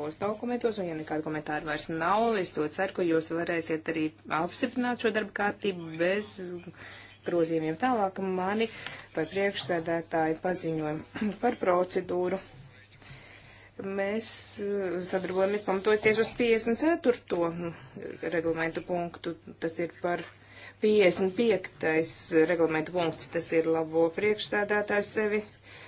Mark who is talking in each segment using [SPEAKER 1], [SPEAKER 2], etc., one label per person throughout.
[SPEAKER 1] mūsu dokumentos, un ja nekādu komentāru vairs nav, es to ceru, ka jūs varēsiet arī apstiprināt šo darba kārtību bez grozījumiem tālāk mani vai priekšsēdētāji paziņojumu par procedūru. Mēs uh, sadarbojamies pamatoties uz 54. reglamentu punktu, tas ir par 55. reglamentu punkts, tas ir labo priekšsēdētāju sevi. Uh,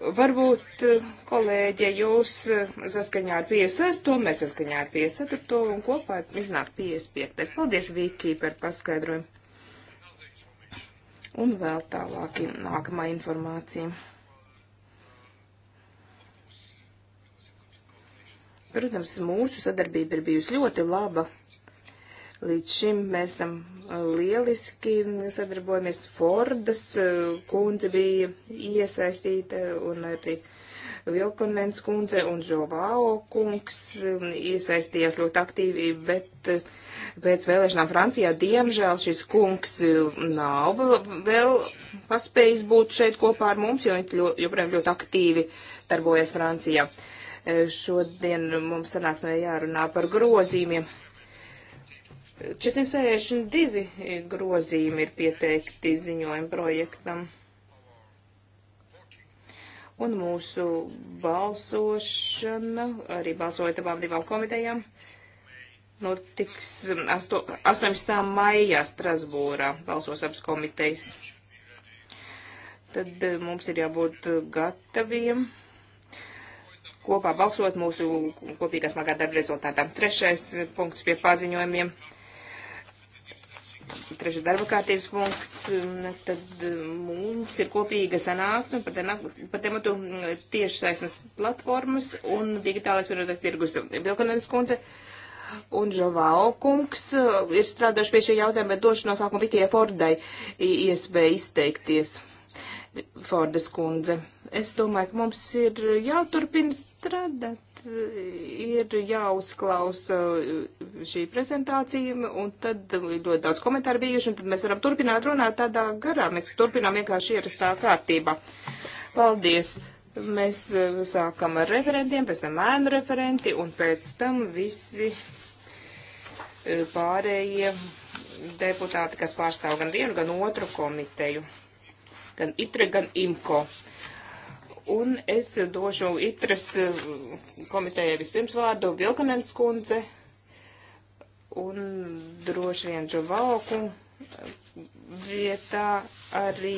[SPEAKER 1] Varbūt, eh, kolēģi, jūs eh, saskaņā ar 56, mēs saskaņā ar 54 un kopā iznāk 55. Paldies, Viki, par paskaidrojumu. Un vēl tālāk nākamā informācija. Protams, mūsu sadarbība ir bijusi ļoti laba Līdz šim mēs esam lieliski sadarbojamies. Fordas kundze bija iesaistīta un arī Vilkonens kundze un Žovāo kungs iesaistījās ļoti aktīvi, bet pēc vēlēšanām Francijā, diemžēl, šis kungs nav vēl paspējis būt šeit kopā ar mums, jo viņš joprojām ļoti aktīvi darbojas Francijā. Šodien mums sanāksmē jārunā par grozījumiem. 462 grozījumi ir pieteikti ziņojuma projektam. Un mūsu balsošana, arī balsojot abām divām komitejām, notiks 18. maijā Strasbūrā. Balsos abas komitejas. Tad eh, mums ir jābūt gataviem kopā balsot mūsu kopīgās magā darba rezultātā. Trešais eh, punkts pie paziņojumiem trešais darba kārtības punkts, tad eh, mums ir kopīga sanāksme par, par tematu eh, tieši saismas platformas un digitālais vienotais tirgus Vilkanevis kundze. Un Žovao kungs eh, ir strādājuši pie šī jautājuma, bet došu no sākuma tikai Fordai iespēju izteikties. Fordas kundze. Es domāju, ka mums ir jāturpina strādāt, ir jāuzklausa šī prezentācija, un tad ļoti daudz komentāru bijuši, un tad mēs varam turpināt runāt tādā garā. Mēs turpinām vienkārši ierastā kārtībā. Paldies! Mēs eh, sākam ar referentiem, pēc tam ēnu referenti, un pēc tam visi eh, pārējie deputāti, kas pārstāv gan vienu, gan otru komiteju, gan ITRE, gan IMKO. Uh, Un es došu itras eh, komitējai vispirms vārdu Vilkanens kundze un droši vien Džovauku eh, vietā arī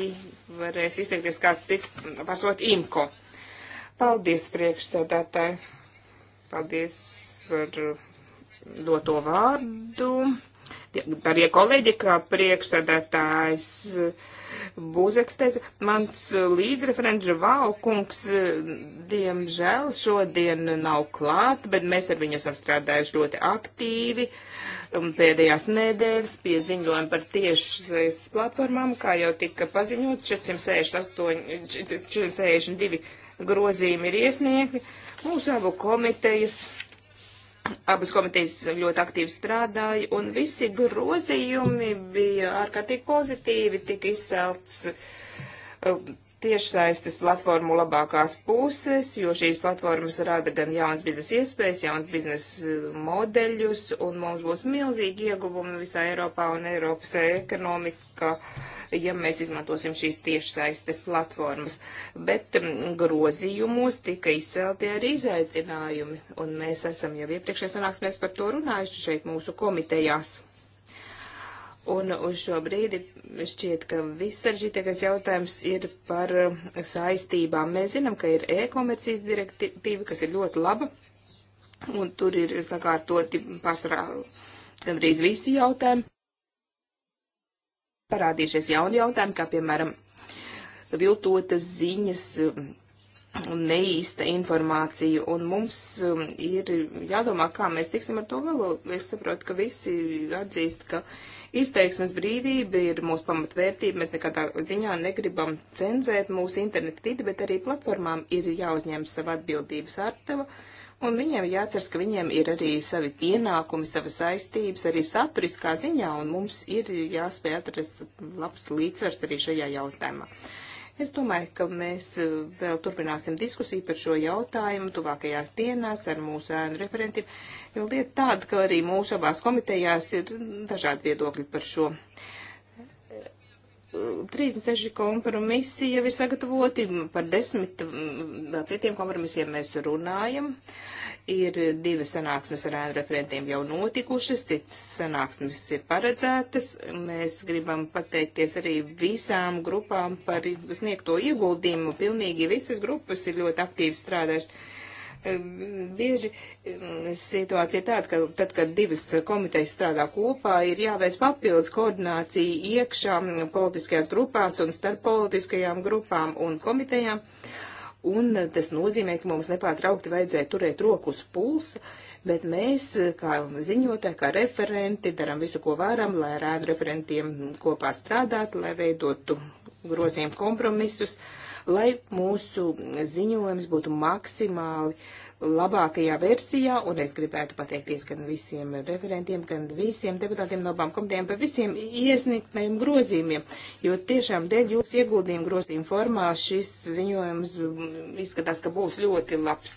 [SPEAKER 1] varēs izteikties kāds cits, pasot Imko. Paldies priekšsēdētāji. Paldies par eh, doto vārdu. Darie kolēģi, kā priekšsēdētājs eh, Būzeks teica, mans līdzreferents Valkungs, eh, diemžēl, šodien nav klāt, bet mēs ar viņu esam strādājuši ļoti aktīvi. Pēdējās nedēļas pieziņojam par tiešas platformām, kā jau tika paziņot, 468, 462 grozījumi ir iesniegti. Mūsu abu komitejas Abas komitejas ļoti aktīvi strādāja, un visi grozījumi bija ārkārtīgi pozitīvi, tika izcelts um, tiešsaistes platformu labākās puses, jo šīs platformas rada gan jaunas biznesa iespējas, jaunas biznesa eh, modeļus, un mums būs milzīgi ieguvumi visā Eiropā un Eiropas ekonomikā, ja mēs izmantosim šīs tiešsaistes platformas. Bet mm, grozījumos tika izcelti arī izaicinājumi, un mēs esam jau iepriekšējā sanāksmēs par to runājuši šeit mūsu komitejās. Un uz šo brīdi šķiet, ka viss saržītākais jautājums ir par uh, saistībām. Mēs zinām, ka ir e-komercijas direktīva, kas ir ļoti laba, un tur ir sakārtoti pārsvarā gandrīz visi jautājumi. Parādījušies jauni jautājumi, kā piemēram viltotas ziņas, un um, neīsta informācija, un mums um, ir jādomā, kā mēs tiksim ar to galā. Es saprotu, ka visi atzīst, ka Izteiksmes brīvība ir mūsu pamatvērtība. Mēs nekādā ziņā negribam cenzēt mūsu internetu vidi, bet arī platformām ir jāuzņem sava atbildības artava. Un viņiem jāatceras, ka viņiem ir arī savi pienākumi, savas saistības, arī saturiskā ziņā, un mums ir jāspēj atrast labs līdzsvars arī šajā jautājumā. Es domāju, ka mēs eh, vēl turpināsim diskusiju par šo jautājumu tuvākajās dienās ar mūsu ēnu referentiem, jo lieta tāda, ka arī mūsu abās komitejās ir dažādi viedokļi par šo. 36 kompromisi jau ir sagatavoti, par desmit mm, citiem kompromisiem mēs runājam. Uh, Ir divas sanāksmes ar ēnu referentiem jau notikušas, citas sanāksmes ir paredzētas. Mēs gribam pateikties arī visām grupām par sniegto ieguldījumu. Pilnīgi visas grupas ir ļoti aktīvi strādājušas ehm, bieži ehm, situācija ir tāda, ka tad, kad divas komitejas strādā kopā, ir jāveic papildus koordinācija iekšā politiskajās grupās un starp politiskajām grupām un komitejām. Uh, Un tas nozīmē, ka mums nepārtraukti vajadzēja turēt rokas pulsa, bet mēs, kā ziņotāji, kā referenti, darām visu, ko varam, lai ar ēnu referentiem kopā strādātu, lai veidotu grozījumu kompromisus. Uh, lai mūsu ziņojums būtu maksimāli labākajā versijā, un es gribētu pateikties gan visiem referentiem, gan visiem deputātiem no abām komitejām par visiem iesniegtajiem grozījumiem, jo tiešām dēļ jūsu ieguldījumu grozījumu formā šis ziņojums mm, izskatās, ka būs ļoti labs.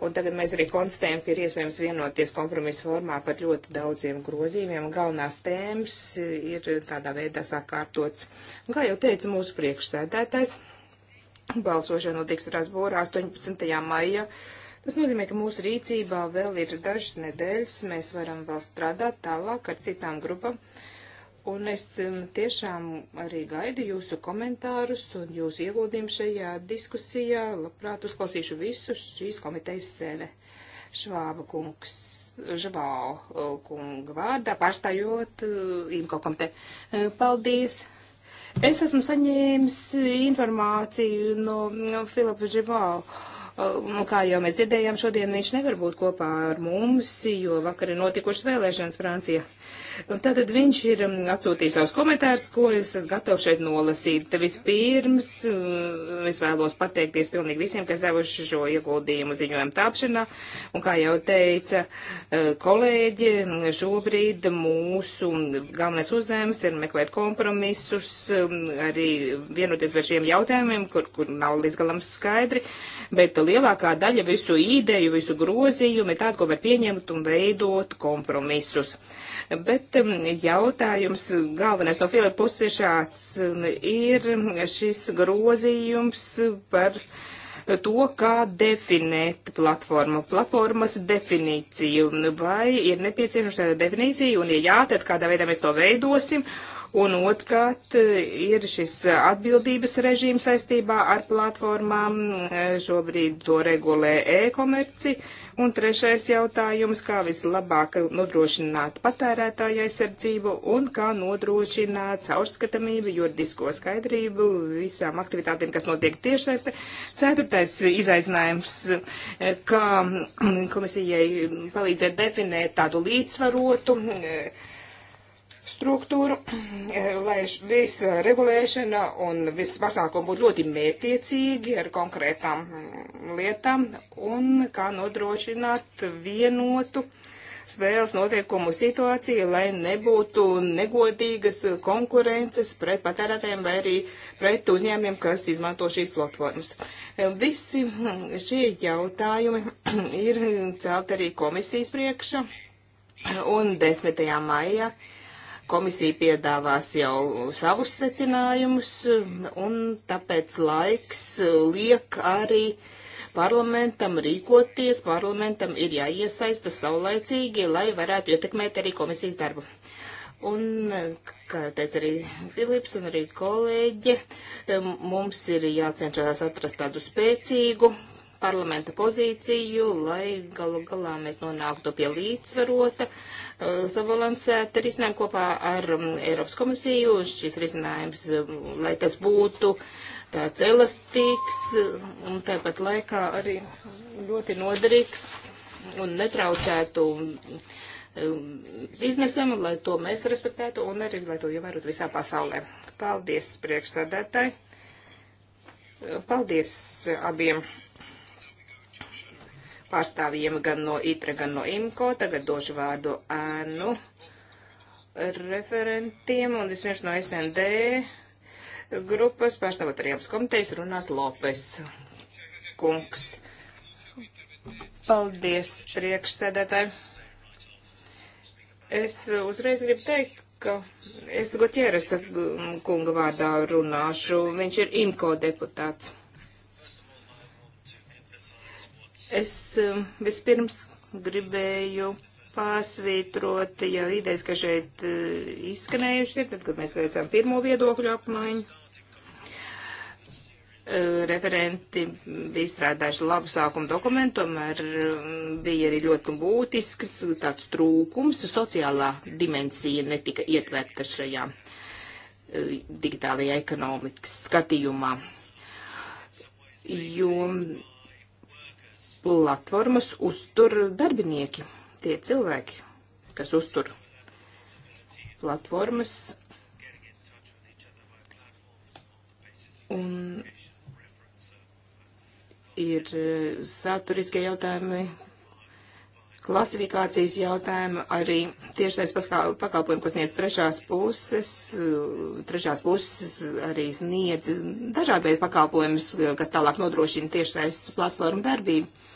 [SPEAKER 1] Un tagad mēs arī konstatējam, ka ir iespējams vienoties kompromisu formā par ļoti daudziem grozījumiem. Galvenās tēmas ir tādā veidā sakārtots. Un, kā jau teica mūsu priekšsēdētājs, Balsošana notiks Strasbūrā 18. maija. Tas nozīmē, ka mūsu rīcībā vēl ir dažas nedēļas, mēs varam vēl strādāt tālāk ar citām grupām. Un es um, tiešām arī gaidu jūsu komentārus un jūsu ieguldījumu šajā diskusijā. Labprāt uzklausīšu visus šīs komitejas sevi. Švāba kungs, Žvāo uh, kunga vārdā, pārstājot uh, Imko komiteju. Uh, paldies! Es esmu saņēmis informāciju no Filipa Žibau. Un um, kā jau mēs dzirdējām, šodien viņš nevar būt kopā ar mums, jo vakar ir notikušas vēlēšanas Francijā. Uh, Tātad viņš ir um, atsūtījis savus komentārus, ko es esmu gatavs šeit nolasīt. Vispirms uh, es vēlos pateikties pilnīgi visiem, kas devuši šo ieguldījumu ziņojumu tāpšanā. Un kā jau teica uh, kolēģi, šobrīd mūsu galvenais uzdevums ir meklēt kompromisus, um, arī vienoties par šiem jautājumiem, kur, kur nav līdz galam skaidri, bet lielākā daļa visu ideju, visu grozījumu ir tāda, ko var pieņemt un veidot kompromisus. Bet Bet um, jautājums galvenais no Filipa puses ir šāds. Um, ir šis grozījums par to, kā definēt platformu, platformas definīciju. Vai ir nepieciešama šāda definīcija, un ja jā, tad kādā veidā mēs to veidosim, Un otrkārt ir šis atbildības režīms saistībā ar platformām. Šobrīd to regulē e-komerci. Un trešais jautājums, kā vislabāk nodrošināt patērētāju aizsardzību un kā nodrošināt caurskatamību, juridisko skaidrību visām aktivitātēm, kas notiek tiešsaistē. Ceturtais izaicinājums, kā komisijai palīdzēt definēt tādu līdzsvarotu struktūru, lai visa uh, regulēšana un viss pasākumi būtu ļoti mētiecīgi ar konkrētām mm, lietām un kā nodrošināt vienotu spēles noteikumu situāciju, lai nebūtu negodīgas konkurences pret patērētājiem vai arī pret uzņēmiem, kas izmanto šīs platformas. Visi mm, šie jautājumi ir celt arī komisijas priekšā un 10. maijā Komisija piedāvās jau savus secinājumus, un tāpēc laiks liek arī parlamentam rīkoties, parlamentam ir jāiesaista saulēcīgi, lai varētu ietekmēt arī komisijas darbu. Un, kā teica arī Filips un arī kolēģi, mums ir jācenšas atrast tādu spēcīgu parlamenta pozīciju, lai galu galā mēs nonāktu pie līdzsvarota, eh, sabalansēta risinājuma kopā ar mm, Eiropas komisiju. Šis risinājums, mm, lai tas būtu tāds elastīgs un tāpat laikā arī ļoti noderīgs un netraucētu mm, biznesam, lai to mēs respektētu un arī, lai to ievērotu visā pasaulē. Paldies priekšsādētāji! Paldies abiem! pārstāvjiem gan no ITRE, gan no IMCO. Tagad došu vārdu ēnu referentiem, un vismaz no SND grupas pārstāvot arī abas komitejas runās Lopes kungs. Paldies, priekšsēdētāji. Es uzreiz gribu teikt, ka es Gutieres kunga vārdā runāšu. Viņš ir IMCO deputāts. Es um, vispirms gribēju pārsvītrot jau idejas, ka šeit uh, izskanējuši ir, tad, kad mēs veicām pirmo viedokļu apmaiņu. Uh, referenti bija izstrādājuši labu sākumu dokumentu, tomēr um, bija arī ļoti būtisks tāds trūkums. Sociālā dimensija netika ietverta šajā uh, digitālajā ekonomikas skatījumā, jo platformas uztur darbinieki, tie cilvēki, kas uztur platformas. Un ir e, saturiskie jautājumi, klasifikācijas jautājumu, arī tiešais pakalpojumu, ko sniedz trešās puses, trešās puses arī sniedz dažādi veidi pakalpojumus, kas tālāk nodrošina tiešais platformu darbību.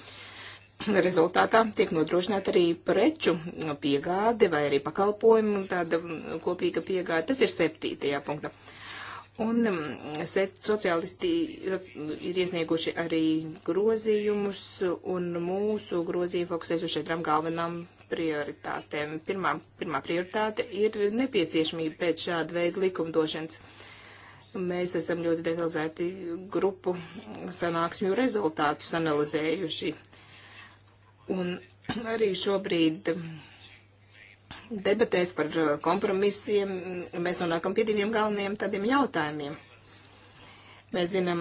[SPEAKER 1] Rezultātā tiek nodrošināta arī preču piegāde vai arī pakalpojumu tāda kopīga piegāde. Tas ir septītajā punktā. Uh, Un mm, sociālisti ir iesnieguši arī grozījumus, un mūsu grozījumi fokusēs uz četrām galvenām prioritātēm. Pirmā, pirmā prioritāte ir nepieciešamība pēc šāda veida likumdošanas. Mēs esam ļoti detalizēti grupu sanāksmju rezultātus analizējuši. Un arī šobrīd debatēs par uh, kompromisiem mēs nonākam pie diviem galvenajiem tādiem jautājumiem. Mēs zinām,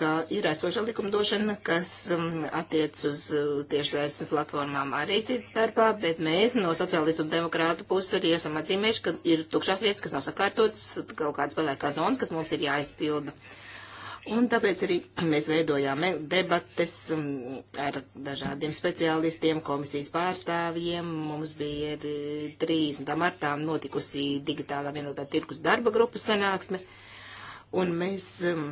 [SPEAKER 1] ka ir esoša likumdošana, kas um, attiec uz uh, tiešsaistes platformām arī citas starpā, bet mēs no sociālistu un demokrātu puses arī esam atzīmējuši, ka ir tukšās vietas, kas nav sakārtotas, kaut kādas pelēkās zonas, kas mums ir jāizpilda. Uh, Un tāpēc arī mēs veidojām debates um, ar dažādiem speciālistiem, komisijas pārstāvjiem. Mums bija 30. martā notikusi digitālā vienotā tirkus darba grupas sanāksme.
[SPEAKER 2] Un mēs um,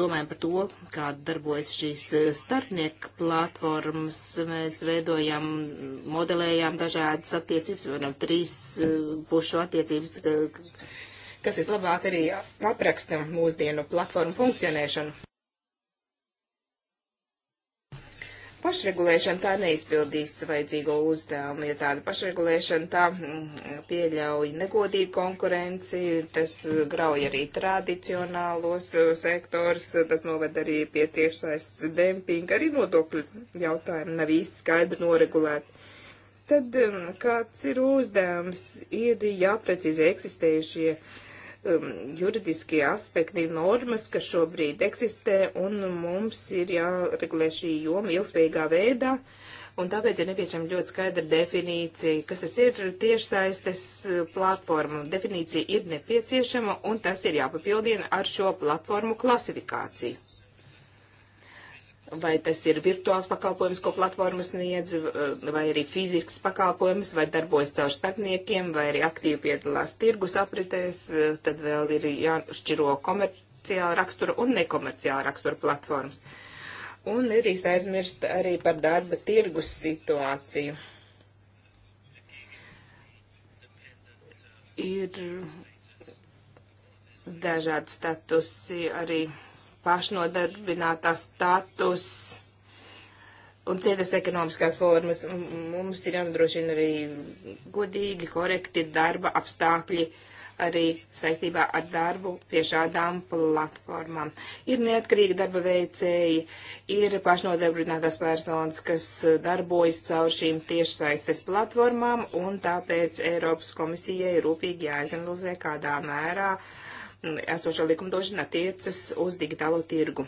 [SPEAKER 1] domājam par to, kā darbojas šīs uh, starpnieku platformas. Mēs veidojam, modelējām dažādas attiecības, piemēram, trīs uh, pušu attiecības kas vislabāk arī apraksta mūsdienu platformu funkcionēšanu. Pašregulēšana tā neizpildīs vajadzīgo uzdevumu, ja tāda pašregulēšana tā mm, pieļauj negodīgu konkurenci, tas grauj arī tradicionālos uh, sektors, tas noved arī pie tiešais dempinga, arī nodokļu jautājumi nav īsti skaidri noregulēti tad um, kāds ir uzdevums, ir jāprecizē eksistējušie um, juridiskie aspekti, normas, kas šobrīd eksistē, un mums ir jāregulē šī joma ilgspējīgā veidā, un tāpēc ir nepieciešama ļoti skaidra definīcija, kas tas ir tiešsaistes uh, platforma. Definīcija ir nepieciešama, un tas ir jāpapildina ar šo platformu klasifikāciju vai tas ir virtuāls pakalpojums, ko platformas sniedz, vai arī fizisks pakalpojums, vai darbojas caur starpniekiem, vai arī aktīvi piedalās tirgus apritēs, tad vēl ir jāšķiro komerciāla rakstura un nekomerciāla rakstura platformas. Un nedrīkst aizmirst arī par darba tirgus situāciju. Ir dažādi statusi arī pašnodarbinātā status un citas ekonomiskās formas. Mums ir jānodrošina arī godīgi, korekti darba apstākļi arī saistībā ar darbu pie šādām platformām. Ir neatkarīgi darba veicēji, ir pašnodarbinātās personas, kas darbojas caur šīm tiešsaistes platformām, un tāpēc Eiropas komisijai rūpīgi jāizanalizē, kādā mērā uh, esošā likumdošana attiecas uz digitālo tirgu,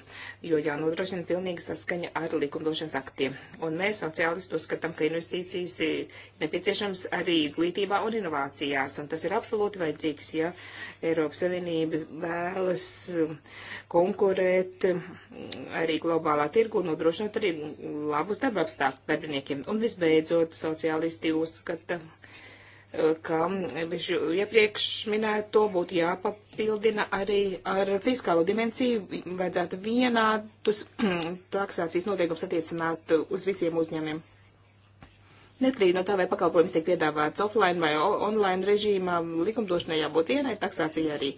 [SPEAKER 1] jo jānodrošina pilnīga saskaņa ar likumdošanas aktiem. Un mēs, sociālisti, uzskatām, ka investīcijas ir nepieciešams arī izglītībā un inovācijās, un tas ir absolūti vajadzīgs, ja Eiropas Savienības vēlas konkurēt arī globālā tirgu un nodrošināt arī labus darba apstākļus darbiniekiem. Un visbeidzot, sociālisti uzskata, ka iepriekš minēto būtu jāpapildina arī ar fiskālo dimensiju. Vajadzētu vienādus taksācijas noteikums attiecināt uz visiem uzņēmiem. Neatkarīgi no tā, vai pakalpojums tiek piedāvāts offline vai online režīmā, likumdošanai jābūt vienai taksācijai arī.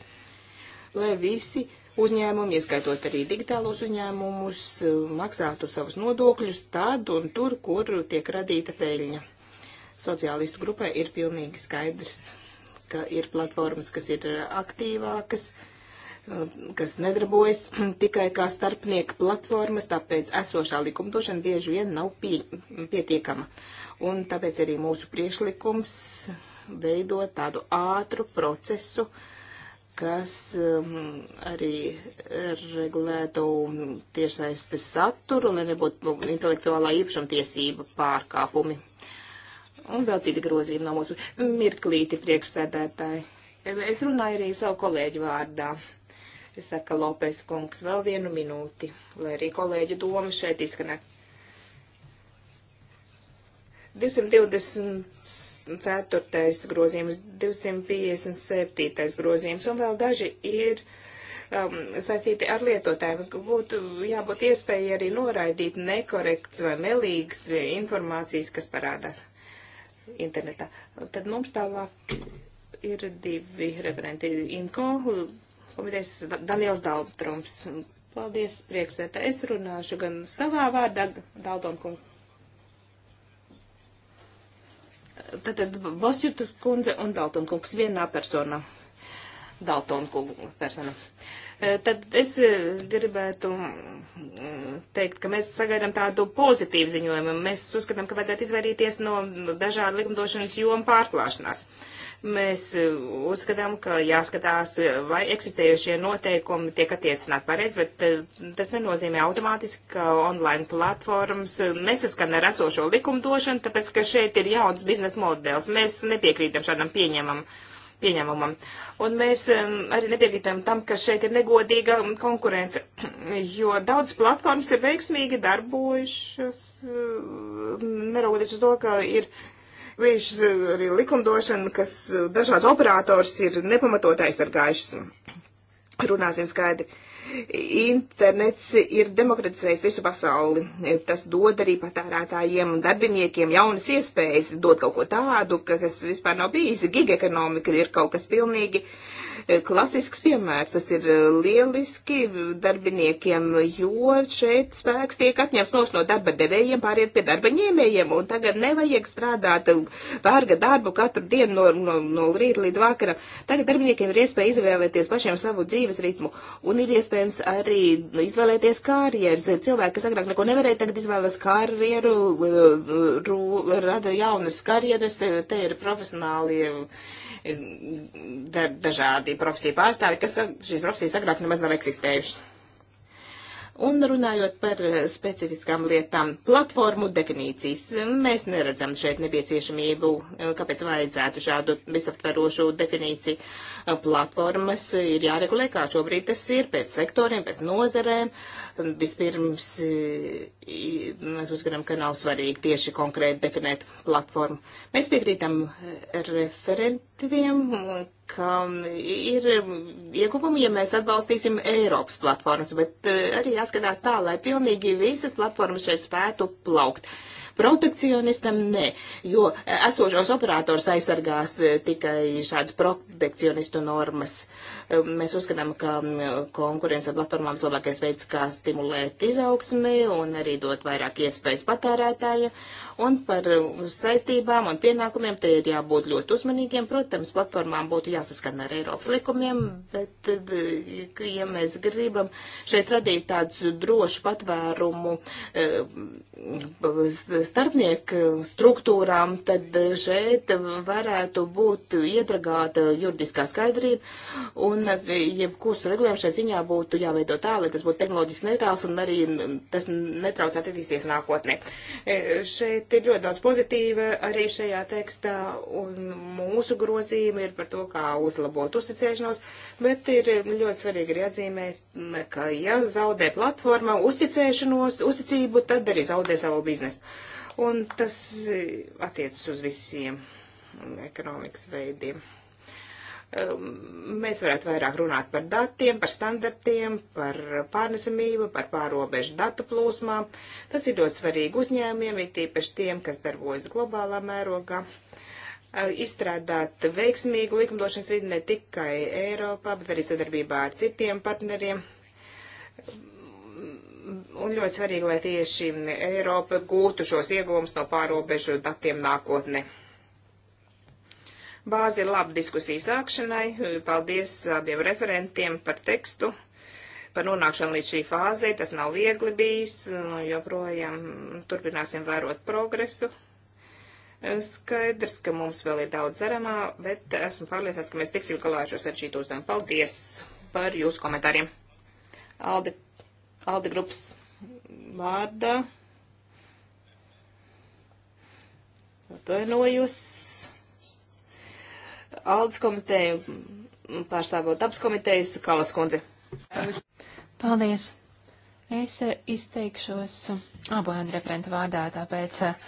[SPEAKER 1] Lai visi uzņēmumi, ieskaitot arī digitālos uzņēmumus, maksātu savus nodokļus tad un tur, kur tiek radīta peļņa. Sociālistu grupai ir pilnīgi skaidrs, ka ir platformas, kas ir aktīvākas, kas nedarbojas tikai kā starpnieka platformas, tāpēc esošā likumdošana bieži vien nav pie, pietiekama. Un tāpēc arī mūsu priešlikums veidot tādu ātru procesu, kas um, arī regulētu tiešsaistes saturu, lai nebūtu intelektuālā īpašumtiesība pārkāpumi. Uh, un vēl citi grozījumi no mūsu mirklīti priekšsēdētāji. Es runāju arī savu kolēģu vārdā. Es saku, Lopes kungs, vēl vienu minūti, lai arī kolēģu doma šeit izskanē. 224. grozījums, 257. grozījums un vēl daži ir um, saistīti ar lietotājiem. Būtu jābūt iespēja arī noraidīt nekorekts vai melīgs informācijas, kas parādās internetā. Tad mums tālāk ir divi referenti. Inko, komitejas Daniels Daltrums. Paldies, priekšsētā. Es runāšu gan savā vārdā, Daltonkungs. Tātad Bosjutus kundze un Daltonkungs vienā personā. Daltonkungu persona. Uh, Eh, tad es eh, gribētu mm, teikt, ka mēs sagaidām tādu pozitīvu ziņojumu. Mēs uzskatām, ka vajadzētu izvairīties no dažādu likumdošanas jomu pārklāšanās. Mēs eh, uzskatām, ka jāskatās, vai eksistējušie noteikumi tiek attiecināti pareizi, bet tas nenozīmē automātiski, ka online platformas nesaskan ar esošo likumdošanu, tāpēc, ka šeit ir jauns biznesa modelis. Mēs nepiekrītam šādam pieņemam. Uh, pieņēmumam. Un mēs arī nepiekrītam tam, ka šeit ir negodīga konkurence, jo daudz platformas ir veiksmīgi darbojušas, neraugoties uz to, ka ir bijušas eh, arī likumdošana, kas eh, dažāds operators ir nepamatot aizsargājušas. Runāsim skaidri internets ir demokratizējis visu pasauli. Tas dod arī patērētājiem un darbiniekiem jaunas iespējas, dod kaut ko tādu, kas vispār nav bijis. Giga ekonomika ir kaut kas pilnīgi uh, klasisks piemērs. Tas ir eh, lieliski darbiniekiem, jo šeit spēks tiek atņemts noš no darba devējiem, pāriet pie darba ņēmējiem, un tagad nevajag strādāt eh, vārga darbu katru dienu no, no, no rīta līdz vakaram. Tagad darbiniekiem ir iespēja izvēlēties pašiem savu dzīves ritmu, un ir iespējams arī izvēlēties karjeras. Cilvēki, kas agrāk neko nevarēja, tagad izvēlas karjeru, eh, rū, rada jaunas karjeras, te, te ir profesionāli da, dažādi dažādu profesiju pārstāvi, kas šīs profesijas agrāk nemaz nav eksistējušas. Un runājot par eh, specifiskām lietām, platformu definīcijas, mēs neredzam šeit nepieciešamību, eh, kāpēc vajadzētu šādu visaptverošu definīciju. Eh, platformas ir jāregulē, kā šobrīd tas ir, pēc sektoriem, pēc nozerēm. Vispirms mēs uzskatām, ka nav svarīgi tieši konkrēti definēt platformu. Mēs piekrītam referentiem, ka ir ieguvumi, ja mēs atbalstīsim Eiropas platformas, bet eh, arī jāskatās tā, lai pilnīgi visas platformas šeit spētu plaukt. Uh, Protekcionistam nē, jo esošos operators aizsargās e, tikai šādas protekcionistu normas. E, mēs uzskatām, ka konkurence platformām labākais veids, kā stimulēt izaugsmi un arī dot vairāk iespējas patērētājiem. Un par saistībām un pienākumiem te ir jābūt ļoti uzmanīgiem. Protams, platformām būtu jāsaskan ar Eiropas likumiem, bet, e, ja mēs gribam šeit radīt tādus drošu patvērumu starpnieku struktūrām, tad šeit varētu būt iedragāta juridiskā skaidrība, un jebkurs regulējums šai ziņā būtu jāveido tā, lai tas būtu tehnoloģiski neitrāls un arī tas netrauc attīstīties nākotnē. E, šeit ir ļoti daudz pozitīva arī šajā tekstā, un mūsu grozījumi ir par to, kā uzlabot uzticēšanos, bet ir ļoti svarīgi arī atzīmēt, ka ja zaudē platforma uzticēšanos, uzticību, tad arī zaudē savu biznesu un tas attiecas uz visiem ekonomikas veidiem. Um, mēs varētu vairāk runāt par datiem, par standartiem, par pārnesamību, par pārobežu datu plūsmām. Tas ir ļoti svarīgi uzņēmiem, it īpaši tiem, kas darbojas globālā mērogā uh, izstrādāt veiksmīgu likumdošanas vidi ne tikai Eiropā, bet arī sadarbībā ar citiem partneriem. Un ļoti svarīgi, lai tieši Eiropa gūtu šos ieguvumus no pārobežu datiem nākotnē. Bāzi ir laba diskusija sākšanai. Paldies abiem referentiem par tekstu, par nonākšanu līdz šī fāzē. Tas nav viegli bijis, nu, joprojām turpināsim vērot progresu. Skaidrs, ka mums vēl ir daudz zaramā, bet esmu pārliecināts, ka mēs tiksim galā ar šo sarežģītu uzdevumu. Paldies par jūsu komentāriem. Aldi Alde grupas vārdā. Atvainojos. Aldes komiteju pārstāvot dabas komitejas Kalas kundze.
[SPEAKER 3] Paldies. Es eh, izteikšos abu referentu vārdā, tāpēc eh,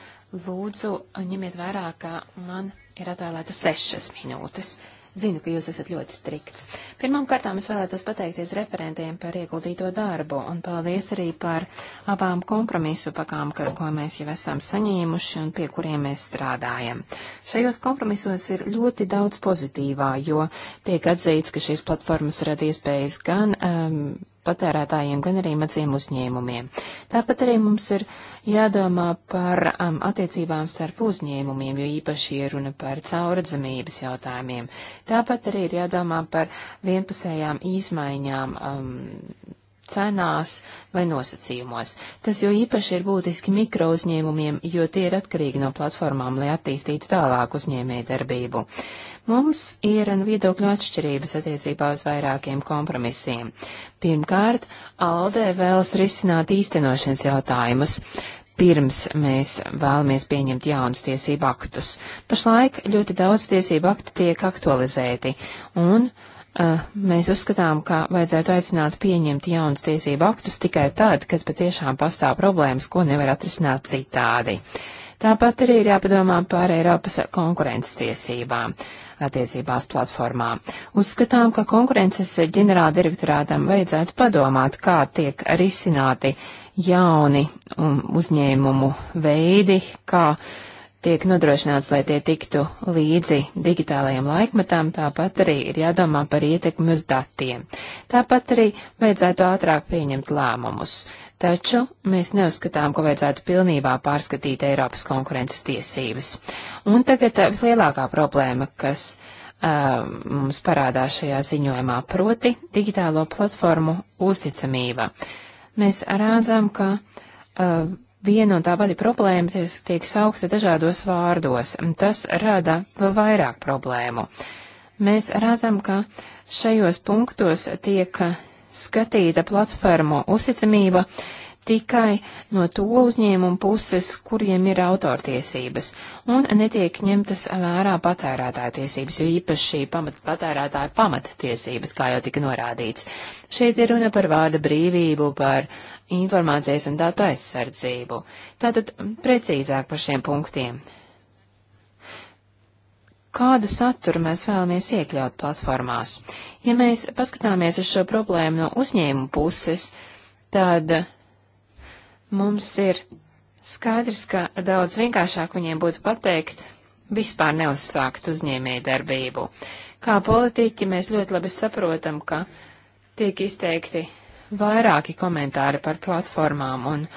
[SPEAKER 3] lūdzu ņemiet vērā, ka man ir atvēlēta sešas minūtes. Zinu, ka jūs esat ļoti strikts. Pirmām kārtām es vēlētos pateikties referentiem par ieguldīto darbu un paldies arī par abām kompromisu pakām, ka, ko mēs jau esam saņēmuši un pie kuriem mēs strādājam. Šajos kompromisos ir ļoti daudz pozitīvā, jo tiek atzīts, ka šīs platformas rada iespējas gan. Um, patērētājiem, gan arī maziem uzņēmumiem. Tāpat arī mums ir jādomā par um, attiecībām starp uzņēmumiem, jo īpaši ir runa par cauradzamības jautājumiem. Tāpat arī ir jādomā par vienpusējām izmaiņām um, cenās vai nosacījumos. Tas jo īpaši ir būtiski mikro uzņēmumiem, jo tie ir atkarīgi no platformām, lai attīstītu tālāk uzņēmēju darbību. Mums ir nu, viedokļu atšķirības attiecībā uz vairākiem kompromisiem. Pirmkārt, Alde vēlas risināt īstenošanas jautājumus pirms mēs vēlamies pieņemt jaunus tiesību aktus. Pašlaik ļoti daudz tiesību akti tiek aktualizēti, un uh, Eh, mēs uzskatām, ka vajadzētu aicināt pieņemt jaunus tiesību aktus tikai tad, kad patiešām pastāv problēmas, ko nevar atrisināt citādi. Tāpat arī ir jāpadomā par Eiropas konkurences tiesībām attiecībās platformā. Uzskatām, ka konkurences ģenerāla direktorātam vajadzētu padomāt, kā tiek risināti jauni um, uzņēmumu veidi, kā uh, tiek nodrošināts, lai tie tiktu līdzi digitālajiem laikmetām, tāpat arī ir jādomā par ietekmi uz datiem. Tāpat arī vajadzētu ātrāk pieņemt lēmumus. Taču mēs neuzskatām, ka vajadzētu pilnībā pārskatīt Eiropas konkurences tiesības. Un tagad eh, vislielākā problēma, kas uh, mums parādās šajā ziņojumā, proti digitālo platformu uzticamība. Mēs rādzām, ka uh, viena un tā pati problēma tiek saukta dažādos vārdos. Tas rada vēl vairāk problēmu. Mēs redzam, ka šajos punktos tiek skatīta platformu uzticamība, tikai no to uzņēmumu puses, kuriem ir autortiesības, un netiek ņemtas vērā patērētāju tiesības, jo īpaši pamat, patērētāju pamattiesības, kā jau tika norādīts. Šeit ir runa par vārda brīvību, par informācijas un datu aizsardzību. Tātad precīzāk par šiem punktiem. Kādu saturu mēs vēlamies iekļaut platformās? Ja mēs paskatāmies uz šo problēmu no uzņēmuma puses, tad Mums ir skaidrs, ka daudz vienkāršāk viņiem būtu pateikt, vispār neuzsākt uzņēmēju darbību. Kā politiķi mēs ļoti labi saprotam, ka tiek izteikti vairāki komentāri par platformām un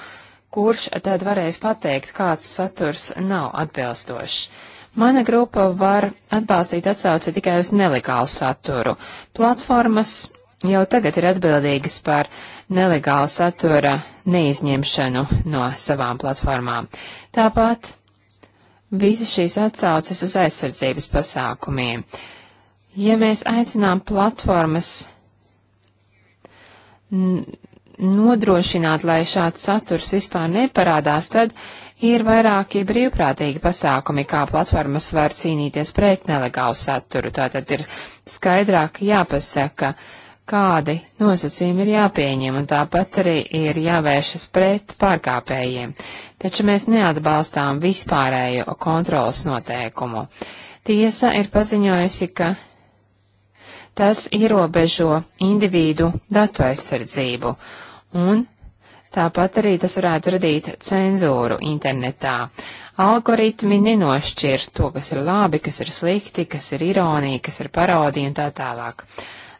[SPEAKER 3] kurš tad varēs pateikt, kāds saturs nav atbilstošs. Mana grupa var atbalstīt atsauci tikai uz nelegālu saturu. Platformas jau tagad ir atbildīgas par uh, nelegāla satura neizņemšanu no savām platformām. Tāpat visi šīs atsauces uz aizsardzības pasākumiem. Ja mēs aicinām platformas nodrošināt, lai šāds saturs vispār neparādās, tad ir vairāki brīvprātīgi pasākumi, kā platformas var cīnīties pret nelegālu saturu. Tātad ir skaidrāk jāpasaka, uh, kādi nosacījumi ir jāpieņem, un tāpat arī ir jāvēršas pret pārkāpējiem. Taču mēs neatbalstām vispārējo kontrolas noteikumu. Tiesa ir paziņojusi, ka tas ierobežo individu datu aizsardzību, un tāpat arī tas varētu radīt cenzūru internetā. Algoritmi nenošķir to, kas ir labi, kas ir slikti, kas ir ironija, kas ir parodija un tā tālāk.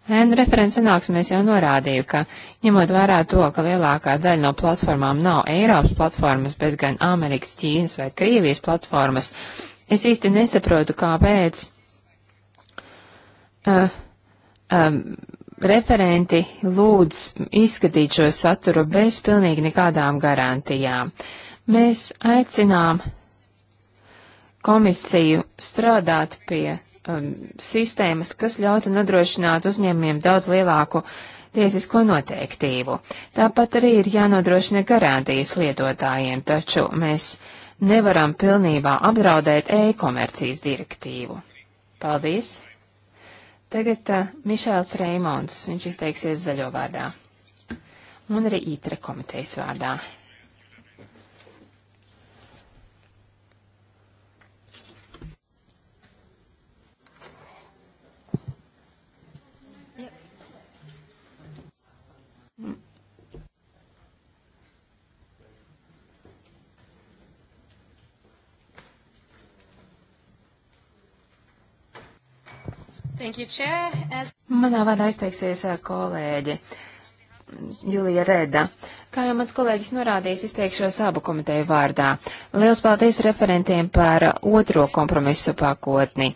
[SPEAKER 3] Ēnu referents sanāksmēs jau norādīju, ka ņemot vērā to, ka lielākā daļa no platformām nav Eiropas platformas, bet gan Amerikas, Ķīnas vai Krievijas platformas, es īsti nesaprotu, kāpēc uh, um, referenti lūdz izskatīt šo saturu bez pilnīgi nekādām garantijām. Mēs aicinām komisiju strādāt pie um, sistēmas, kas ļautu nodrošināt uzņēmumiem daudz lielāku tiesisko noteiktību. Tāpat arī ir jānodrošina garantijas lietotājiem, taču mēs nevaram pilnībā apdraudēt e-komercijas direktīvu. Paldies! Tagad uh, Mišēls Reimons, viņš izteiksies zaļo vārdā. Un arī ITRE komitejas vārdā.
[SPEAKER 2] Thank you, Chair. As...
[SPEAKER 3] Manā vārdā izteiksies kolēģi. Julija Reda. Kā jau mans kolēģis norādījis, izteikšos abu komiteju vārdā. Liels paldies referentiem par otro kompromisu pakotni.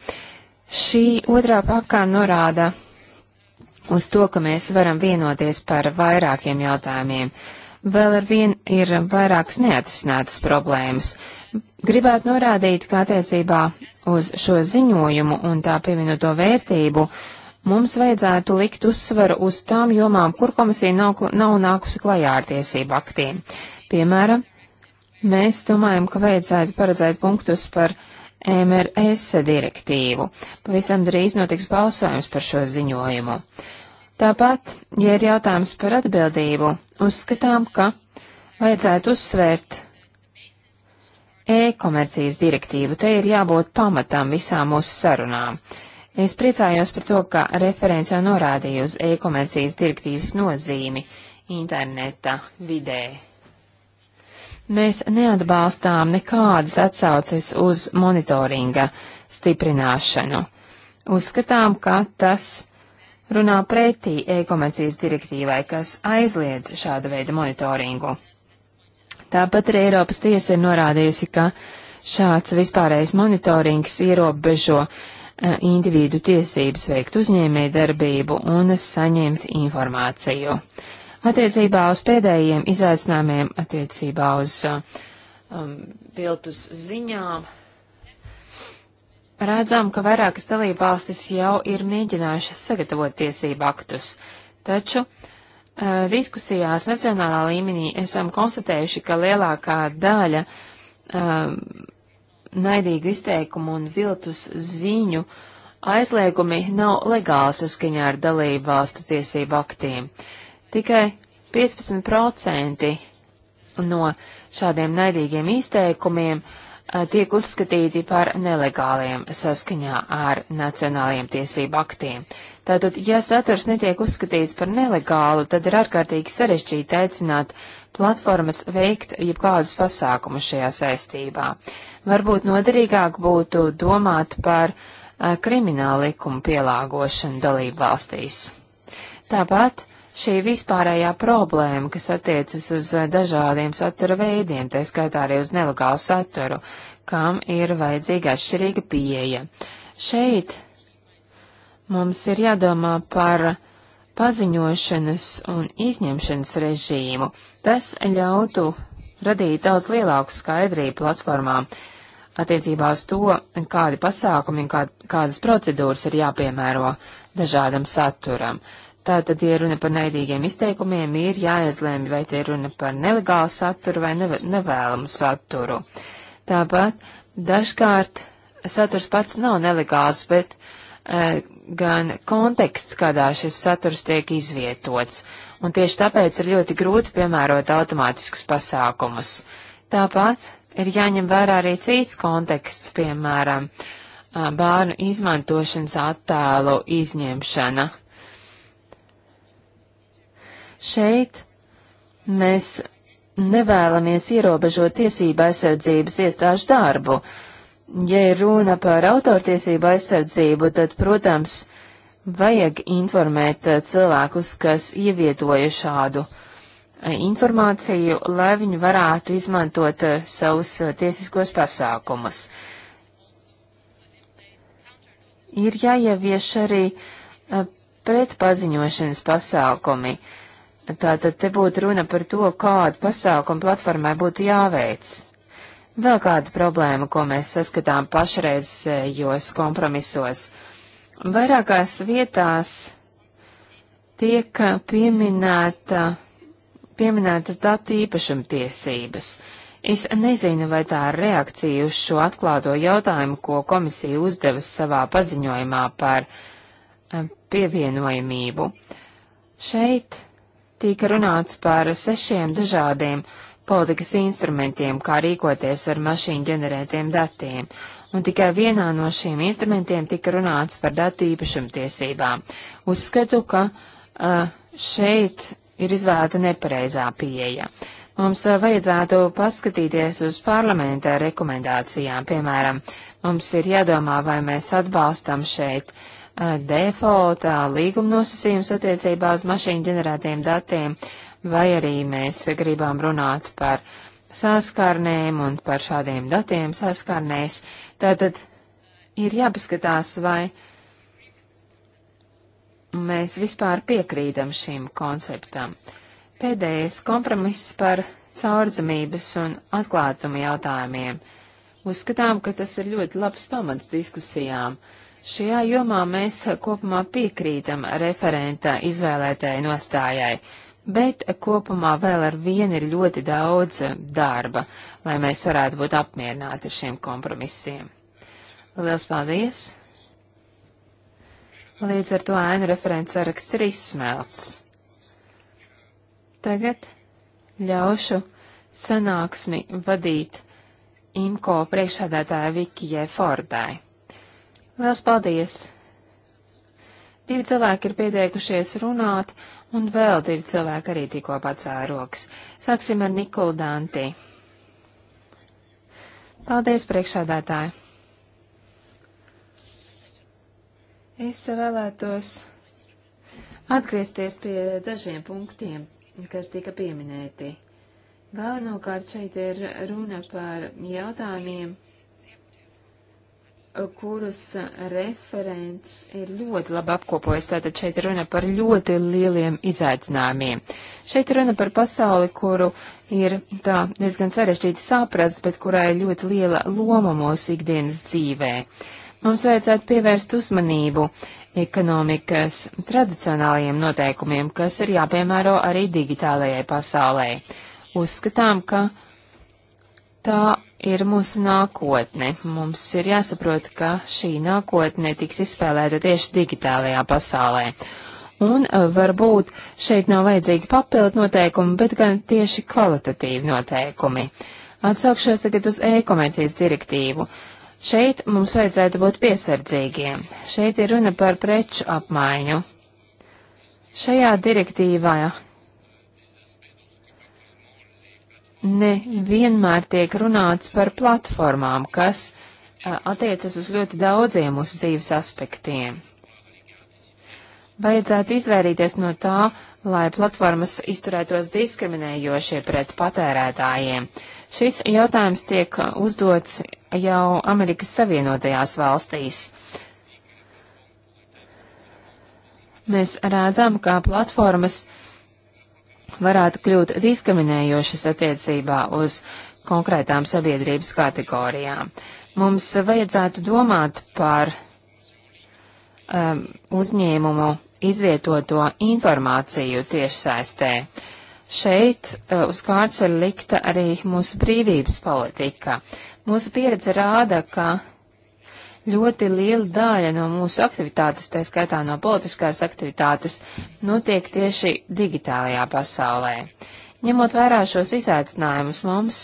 [SPEAKER 3] Šī otrā pakā norāda uz to, ka mēs varam vienoties par vairākiem jautājumiem. Vēl ar vien ir vairākas neatrisinātas problēmas. Gribētu norādīt, ka attiecībā uz šo ziņojumu un tā pievienoto vērtību, mums vajadzētu likt uzsvaru uz tām jomām, kur komisija nav, nav nākusi klajā ar tiesību aktiem. Piemēram, mēs domājam, ka vajadzētu paredzēt punktus par MRS direktīvu. Pavisam drīz notiks balsojums par šo ziņojumu. Tāpat, ja ir jautājums par atbildību, uzskatām, ka vajadzētu uzsvērt e-komercijas direktīvu. Te ir jābūt pamatām visām mūsu sarunām. Es priecājos par to, ka referents jau norādīja uz e-komercijas direktīvas nozīmi interneta vidē. Mēs neatbalstām nekādas atsauces uz monitoringa stiprināšanu. Uzskatām, ka tas runā pretī e-komercijas direktīvai, kas aizliedz šāda veida monitoringu. Tāpat arī Eiropas tiesa ir norādījusi, ka šāds vispārējais monitorings ierobežo uh, individu tiesības veikt uzņēmēju darbību un saņemt informāciju. Attiecībā uz pēdējiem izaicinājumiem, attiecībā uz eh, um, viltus ziņām, redzam, ka vairākas dalībvalstis jau ir mēģinājušas sagatavot tiesību aktus, taču uh, Eh, diskusijās nacionālā līmenī esam konstatējuši, ka lielākā daļa um, naidīgu izteikumu un viltus ziņu aizliegumi nav legāli saskaņā ar dalību valstu tiesību aktiem. Tikai 15% no šādiem naidīgiem izteikumiem uh, Eh, tiek uzskatīti par nelegāliem saskaņā ar nacionālajiem tiesību aktiem. Tātad, ja saturs netiek uzskatīts par nelegālu, tad ir ārkārtīgi sarežģīti aicināt platformas veikt jebkādus pasākumus šajā saistībā. Varbūt noderīgāk būtu domāt par eh, krimināla likuma pielāgošanu dalību valstīs. Tāpat šī vispārējā problēma, kas attiecas uz eh, dažādiem satura veidiem, tā skaitā arī uz nelegālu saturu, kam ir vajadzīga atšķirīga pieeja. Šeit mums ir jādomā par paziņošanas un izņemšanas režīmu. Tas ļautu radīt daudz lielāku skaidrību platformām attiecībā uz to, kādi pasākumi un kā, kādas procedūras ir jāpiemēro dažādam saturam. Uh, Tātad, ja runa par naidīgiem izteikumiem, ir jāizlēmj, vai te ir runa par nelegālu saturu vai nevēlamu saturu. Tāpat dažkārt saturs pats nav nelegāls, bet e, gan konteksts, kādā šis saturs tiek izvietots, un tieši tāpēc ir ļoti grūti piemērot automātiskus pasākumus. Tāpat ir jāņem vērā arī cits konteksts, piemēram, bērnu izmantošanas attēlu izņemšana Šeit mēs nevēlamies ierobežot tiesību aizsardzības iestāžu darbu. Ja ir runa par autortiesību aizsardzību, tad, protams, vajag informēt eh, cilvēkus, kas ievietoja šādu eh, informāciju, lai viņi varētu izmantot eh, savus tiesiskos pasākumus. Ir jāievieš arī pretpaziņošanas pasākumi. Uh, Tātad te būtu runa par to, kādu pasākumu platformai būtu jāveic. Vēl kāda problēma, ko mēs saskatām pašreizējos kompromisos. Vairākās vietās tiek pieminēta, pieminētas datu īpašumtiesības. Es nezinu, vai tā ir reakcija uz šo atklāto jautājumu, ko komisija uzdeva savā paziņojumā par eh, pievienojamību. Šeit tika runāts par sešiem dažādiem politikas instrumentiem, kā rīkoties ar mašīnu ģenerētiem datiem, un tikai vienā no šiem instrumentiem tika runāts par datu īpašumtiesībām. Uzskatu, ka uh, šeit ir izvēlēta nepareizā pieeja. Mums uh, vajadzētu paskatīties uz parlamenta rekomendācijām, piemēram, mums ir jādomā, vai mēs atbalstam šeit uh, defaultā līguma nosacījums attiecībā uz mašīnu ģenerētiem datiem, vai arī mēs gribam runāt par saskarnēm un par šādiem datiem saskarnēs. Tātad ir jāpaskatās, vai mēs vispār piekrītam šim konceptam. Pēdējais kompromiss par caurdzamības un atklātuma jautājumiem. Uzskatām, ka tas ir ļoti labs pamats diskusijām. Uh, Šajā jomā mēs kopumā piekrītam referenta izvēlētajai nostājai, bet kopumā vēl ar vienu ir ļoti daudz darba, lai mēs varētu būt apmierināti ar šiem kompromisiem. Lielas paldies! Līdz ar to ēnu referents saraksts ir izsmelts. Tagad ļaušu sanāksmi vadīt Inko priekšādātāja Vikijai Fordai. Liels paldies! Divi cilvēki ir pieteikušies runāt, un vēl divi cilvēki arī tikko pacēla rokas. Sāksim ar Nikolu Dantī. Paldies, priekšādātāji! Es vēlētos atgriezties pie dažiem punktiem, kas tika pieminēti. Galvenokārt šeit ir runa par jautājumiem, kurus referents ir ļoti labi apkopojis. Tātad šeit runa par ļoti lieliem izaicinājumiem. Šeit runa par pasauli, kuru ir tā diezgan sarežģīti saprast, bet kurai ir ļoti liela loma mūsu ikdienas dzīvē. Mums vajadzētu pievērst uzmanību ekonomikas tradicionālajiem noteikumiem, kas ir jāpiemēro arī digitālajai pasaulē. Uzskatām, ka Tā ir mūsu nākotne. Mums ir jāsaprot, ka šī nākotne tiks izspēlēta tieši digitālajā pasaulē. Un e, varbūt šeit nav vajadzīgi papildu noteikumi, bet gan tieši kvalitatīvi noteikumi. Atsaukšos tagad uz e-komercijas direktīvu. Šeit mums vajadzētu būt piesardzīgiem. Šeit ir runa par preču apmaiņu. Šajā direktīvā nevienmēr tiek runāts par platformām, kas attiecas uz ļoti daudziem mūsu dzīves aspektiem. Vajadzētu izvairīties no tā, lai platformas izturētos diskriminējošie pret patērētājiem. Šis jautājums tiek uzdots jau Amerikas Savienotajās valstīs. Mēs redzam, kā platformas uh, varētu kļūt diskriminējošas attiecībā uz konkrētām sabiedrības kategorijām. Mums vajadzētu domāt par um, uzņēmumu izvietoto informāciju tiešsaistē. Šeit uh, uz kārts ir likta arī mūsu brīvības politika. Mūsu pieredze rāda, ka ļoti liela daļa no mūsu aktivitātes, tā skaitā no politiskās aktivitātes, notiek tieši digitālajā pasaulē. Ņemot vērā šos izaicinājumus, mums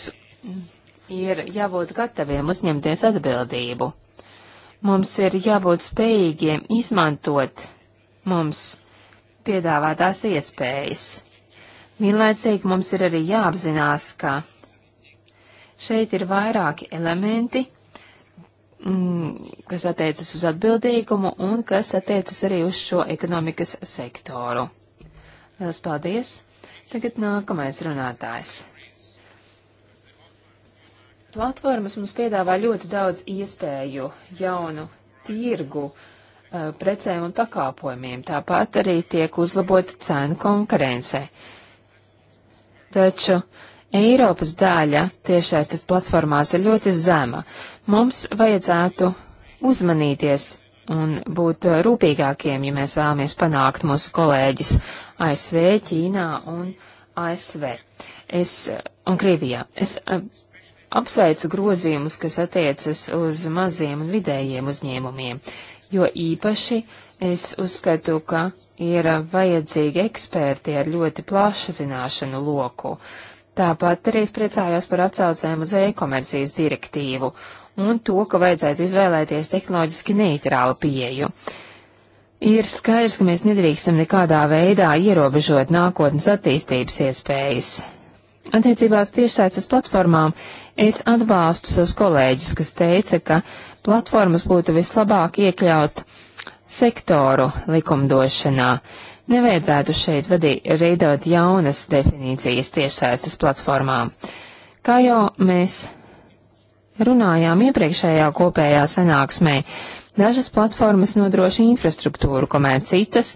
[SPEAKER 3] ir jābūt gataviem uzņemties atbildību. Mums ir jābūt spējīgiem izmantot mums piedāvātās iespējas. Vienlaicīgi mums ir arī jāapzinās, ka šeit ir vairāki elementi, Mm, kas attiecas uz atbildīgumu un kas attiecas arī uz šo ekonomikas sektoru. Lielas paldies! Tagad nākamais runātājs. Platformas mums piedāvā ļoti daudz iespēju, jaunu tirgu eh, precēm un pakāpojumiem, tāpat arī tiek uzlabota cēnu konkurence. Taču uh, Eiropas daļa tiešsaistes platformās ir ļoti zema. Mums vajadzētu uzmanīties un būt rūpīgākiem, ja mēs vēlamies panākt mūsu kolēģis ASV, Ķīnā un ASV. Es, un Krievijā. Es apsveicu grozījumus, kas attiecas uz maziem un vidējiem uzņēmumiem, jo īpaši es uzskatu, ka ir vajadzīgi eksperti ar ļoti plašu zināšanu loku. Uh, Tāpat arī es priecājos par atsaucēm uz e-komercijas direktīvu un to, ka vajadzētu izvēlēties tehnoloģiski neitrālu pieju. Ir skaidrs, ka mēs nedrīkstam nekādā veidā ierobežot nākotnes attīstības iespējas. Attiecībās tiešsaistes platformām es atbalstu savus kolēģus, kas teica, ka platformas būtu vislabāk iekļaut sektoru likumdošanā. Uh, Nevajadzētu šeit vadī, veidot jaunas definīcijas tiešsaistes platformām. Kā jau mēs runājām iepriekšējā kopējā sanāksmē, dažas platformas nodrošina infrastruktūru, kamēr citas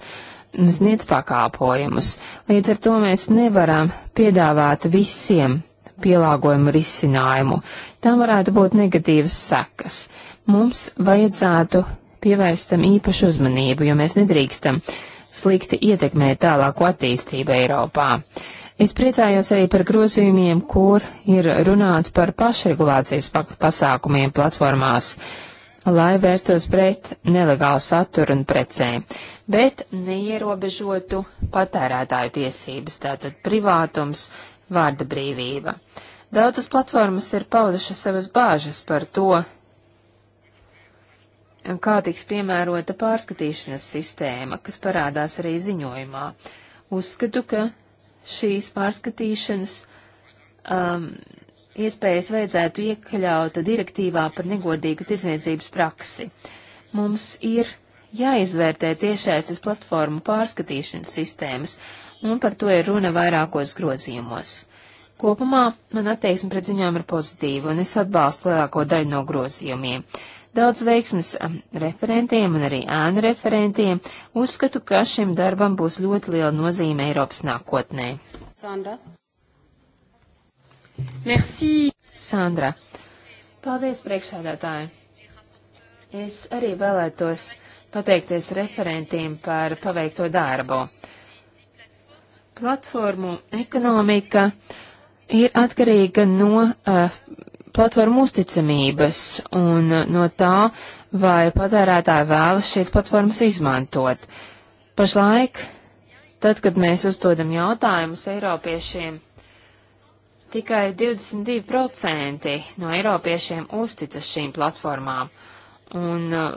[SPEAKER 3] sniedz pakāpojumus. Līdz ar to mēs nevaram piedāvāt visiem pielāgojumu risinājumu. Tam varētu būt negatīvas sekas. Mums vajadzētu pievērst tam īpašu uzmanību, jo mēs nedrīkstam uh, slikti ietekmē tālāko attīstību Eiropā. Es priecājos arī par grozījumiem, kur ir runāts par pašregulācijas pasākumiem platformās, lai vērstos pret nelegālu saturu un precēm, bet neierobežotu patērētāju tiesības, tātad privātums, vārda brīvība. Daudzas platformas ir paudušas savas bāžas par to, kā tiks piemērota pārskatīšanas sistēma, kas parādās arī ziņojumā. Uzskatu, ka šīs pārskatīšanas um, iespējas vajadzētu iekļaut direktīvā par negodīgu tirdzniecības praksi. Mums ir jāizvērtē tiešaistas platformu pārskatīšanas sistēmas, un par to ir runa vairākos grozījumos. Kopumā man attieksme pret ziņām ir pozitīva, un es atbalstu lielāko daļu no grozījumiem. Daudz veiksmes um, referentiem un arī ēnu referentiem. Uzskatu, ka šim darbam būs ļoti liela nozīme Eiropas nākotnē. Sandra. Merci. Sandra. Paldies, priekšādātāji. Es arī vēlētos pateikties referentiem par paveikto darbu. Platformu ekonomika ir atkarīga no uh, platformu uzticamības un no tā, vai patērētāji vēlas šīs platformas izmantot. Pašlaik, tad, kad mēs uzdodam jautājumus Eiropiešiem, tikai 22% no Eiropiešiem uzticas šīm platformām. Un uh,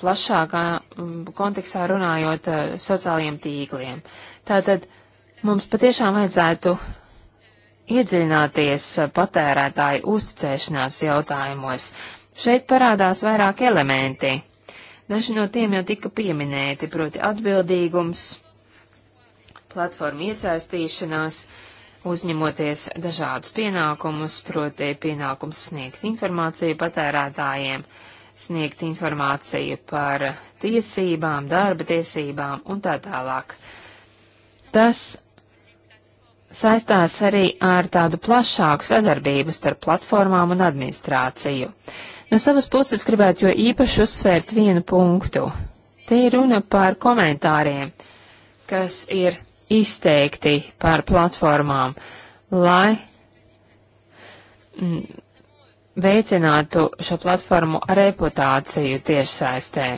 [SPEAKER 3] plašākā um, kontekstā runājot uh, sociālajiem tīkliem. Tātad mums patiešām vajadzētu iedziļināties patērētāju uzticēšanās jautājumos. Šeit parādās vairāk elementi. Daži no tiem jau tika pieminēti, proti atbildīgums, platforma iesaistīšanās, uzņemoties dažādus pienākumus, proti pienākums sniegt informāciju patērētājiem, sniegt informāciju par tiesībām, darba tiesībām un tā tālāk. Tas saistās arī ar tādu plašāku sadarbību starp platformām un administrāciju. No savas puses gribētu jo īpaši uzsvērt vienu punktu. Te ir runa par komentāriem, kas ir izteikti par platformām, lai mm, veicinātu šo platformu reputāciju tiešsaistē.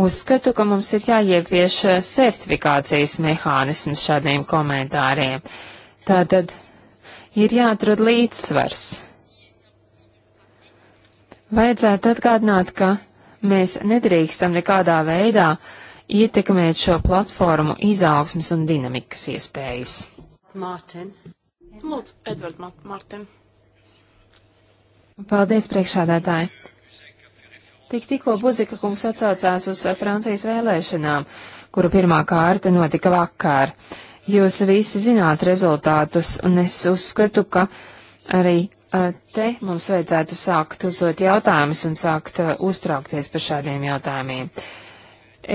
[SPEAKER 3] Uzskatu, ka mums ir jāievieš certifikācijas mehānisms šādiem komentāriem. Uh, Tātad ir jāatrod līdzsvars. Vajadzētu atgādināt, ka mēs nedrīkstam nekādā veidā ietekmēt šo platformu izaugsmas un dinamikas iespējas.
[SPEAKER 2] Mārtiņ. Lūdzu, Edvard Mārtiņ.
[SPEAKER 3] Paldies, priekšādātāji.
[SPEAKER 2] Tik tikko Buzika
[SPEAKER 3] kungs atsaucās uz Francijas vēlēšanām, kuru pirmā kārta notika vakar. Uh, Jūs visi zināt rezultātus, un es uzskatu, ka arī te mums vajadzētu sākt uzdot jautājumus un sākt uh, uztraukties par šādiem jautājumiem.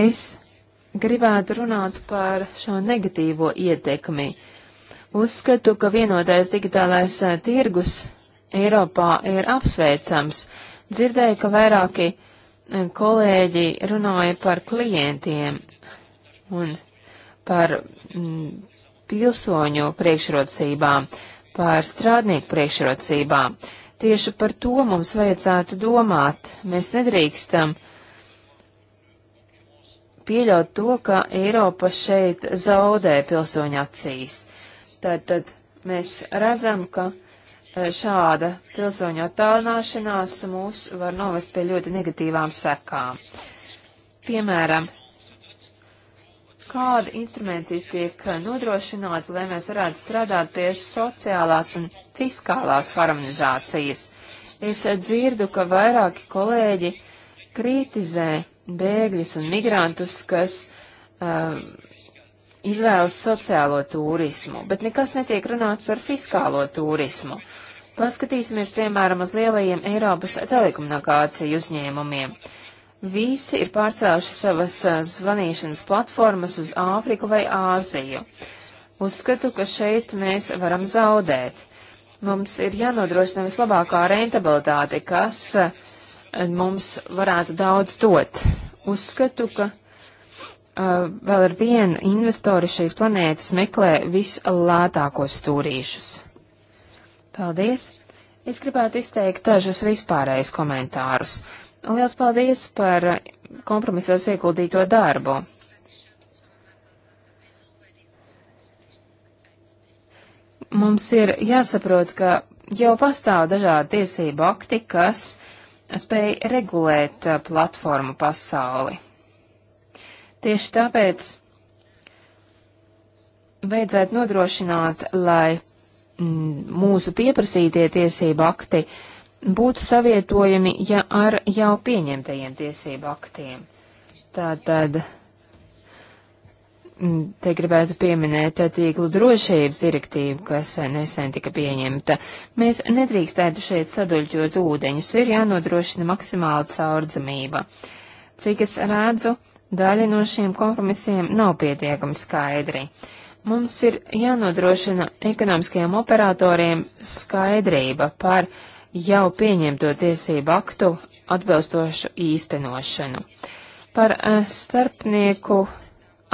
[SPEAKER 3] Es gribētu runāt par šo negatīvo ietekmi. Uzskatu, ka vienotais digitālais uh, tirgus Eiropā ir apsveicams. Dzirdēju, ka vairāki kolēģi runāja par klientiem un par m, mm, pilsoņu priekšrocībām, par strādnieku priekšrocībām. Tieši par to mums vajadzētu domāt. Mēs nedrīkstam pieļaut to, ka Eiropa šeit zaudē pilsoņu acīs. Tad, tad mēs redzam, ka e, šāda pilsoņu attālināšanās mūs var novest pie ļoti negatīvām sekām. Piemēram, kādi instrumenti tiek nodrošināti, lai mēs varētu strādāt pie sociālās un fiskālās harmonizācijas. Es dzirdu, ka vairāki kolēģi kritizē bēgļus un migrantus, kas uh, izvēlas sociālo turismu, bet nekas netiek runāts par fiskālo turismu. Paskatīsimies, piemēram, uz lielajiem Eiropas telekomunikāciju uzņēmumiem. Uh, Visi ir pārcēluši savas zvanīšanas platformas uz Āfriku vai Āziju. Uzskatu, ka šeit mēs varam zaudēt. Mums ir jānodrošina vislabākā rentabilitāte, kas mums varētu daudz dot. Uzskatu, ka uh, vēl ar vienu investori šīs planētas meklē vislētākos stūrīšus. Paldies! Es gribētu izteikt dažus vispārējus komentārus. Un liels paldies par kompromisos ieguldīto darbu. Mums ir jāsaprot, ka jau pastāv dažādi tiesību akti, kas spēj regulēt uh, platformu pasauli. Tieši tāpēc vajadzētu nodrošināt, lai mm, mūsu pieprasītie tiesību akti uh, būtu savietojami ja ar jau pieņemtajiem tiesību aktiem. Tātad mm, te gribētu pieminēt tīklu drošības direktīvu, kas nesen tika pieņemta. Mēs nedrīkstētu šeit saduļķot ūdeņus, ir jānodrošina maksimāla caurdzamība. Cik es redzu, daļa no šiem kompromisiem nav pietiekami skaidri. Mums ir jānodrošina ekonomiskajiem operatoriem skaidrība par uh, jau pieņemto tiesību aktu atbilstošu īstenošanu. Par eh, starpnieku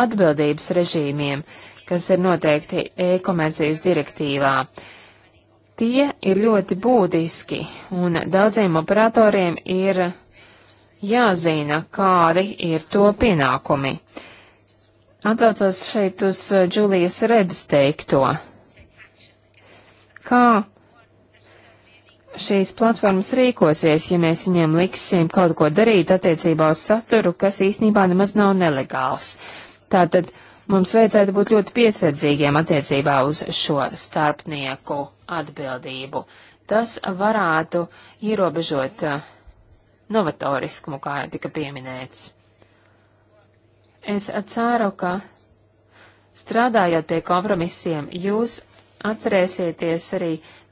[SPEAKER 3] atbildības režīmiem, kas ir noteikti e-komercijas direktīvā. Tie ir ļoti būtiski, un daudziem operatoriem ir jāzina, kādi ir to pienākumi. Atcaucos šeit uz Džulijas eh, redzes teikto. Kā šīs platformas rīkosies, ja mēs viņiem liksim kaut ko darīt attiecībā uz saturu, kas īsnībā nemaz nav nelegāls. Tātad mums vajadzētu būt ļoti piesardzīgiem attiecībā uz šo starpnieku atbildību. Tas varētu ierobežot eh, novatoriskumu, kā jau tika pieminēts. Es ceru, ka strādājot pie kompromisiem, jūs atcerēsieties arī